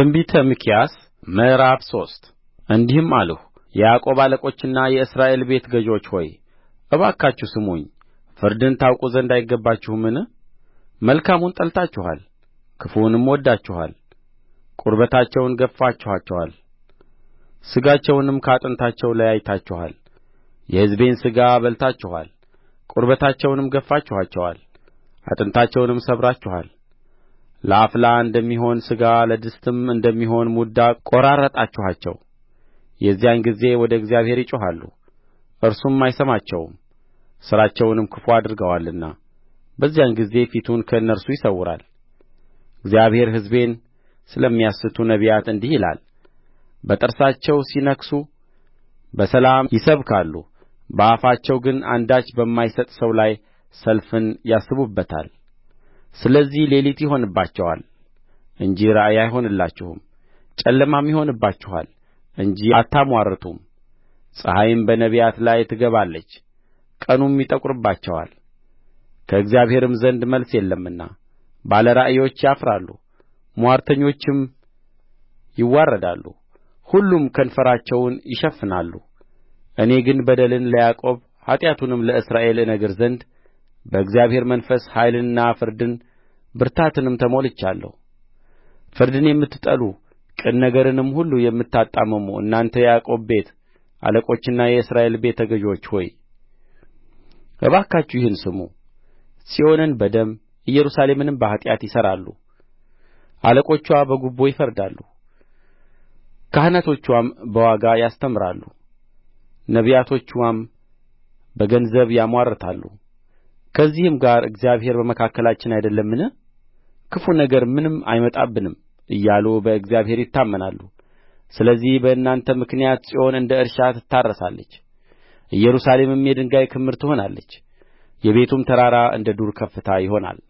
ትንቢተ ሚክያስ ምዕራፍ ሶስት እንዲህም አልሁ የያዕቆብ አለቆችና የእስራኤል ቤት ገዦች ሆይ እባካችሁ ስሙኝ ፍርድን ታውቁ ዘንድ አይገባችሁምን መልካሙን ጠልታችኋል ክፉውንም ወድዳችኋል ቁርበታቸውን ገፍፋችኋቸዋል ሥጋቸውንም ከአጥንታቸው ለያይታችኋል የሕዝቤን ሥጋ በልታችኋል ቁርበታቸውንም ገፍፋችኋቸዋል አጥንታቸውንም ሰብራችኋል ለአፍላ እንደሚሆን ሥጋ ለድስትም እንደሚሆን ሙዳ ቈራረጣችኋቸው የዚያን ጊዜ ወደ እግዚአብሔር ይጮኻሉ እርሱም አይሰማቸውም ሥራቸውንም ክፉ አድርገዋልና በዚያን ጊዜ ፊቱን ከእነርሱ ይሰውራል እግዚአብሔር ሕዝቤን ስለሚያስቱ ነቢያት እንዲህ ይላል በጥርሳቸው ሲነክሱ በሰላም ይሰብካሉ በአፋቸው ግን አንዳች በማይሰጥ ሰው ላይ ሰልፍን ያስቡበታል ስለዚህ ሌሊት ይሆንባችኋል እንጂ ራእይ አይሆንላችሁም ጨለማም ይሆንባችኋል እንጂ አታምዋርቱም ፀሐይም በነቢያት ላይ ትገባለች ቀኑም ይጠቁርባቸዋል ከእግዚአብሔርም ዘንድ መልስ የለምና ባለ ራእዮች ያፍራሉ ምዋርተኞችም ይዋረዳሉ ሁሉም ከንፈራቸውን ይሸፍናሉ እኔ ግን በደልን ለያዕቆብ ኃጢአቱንም ለእስራኤል እነግር ዘንድ በእግዚአብሔር መንፈስ ኃይልንና ፍርድን ብርታትንም ተሞልቻለሁ ፍርድን የምትጠሉ ቅን ነገርንም ሁሉ የምታጣምሙ እናንተ የያዕቆብ ቤት አለቆችና የእስራኤል ቤተ ገዦች ሆይ እባካችሁ ይህን ስሙ ጽዮንን በደም ኢየሩሳሌምንም በኃጢአት ይሠራሉ አለቆችዋ በጉቦ ይፈርዳሉ ካህናቶችዋም በዋጋ ያስተምራሉ ነቢያቶችዋም በገንዘብ ያምዋርታሉ ከዚህም ጋር እግዚአብሔር በመካከላችን አይደለምን ክፉ ነገር ምንም አይመጣብንም እያሉ በእግዚአብሔር ይታመናሉ ስለዚህ በእናንተ ምክንያት ጽዮን እንደ እርሻ ትታረሳለች ኢየሩሳሌምም የድንጋይ ክምር ትሆናለች የቤቱም ተራራ እንደ ዱር ከፍታ ይሆናል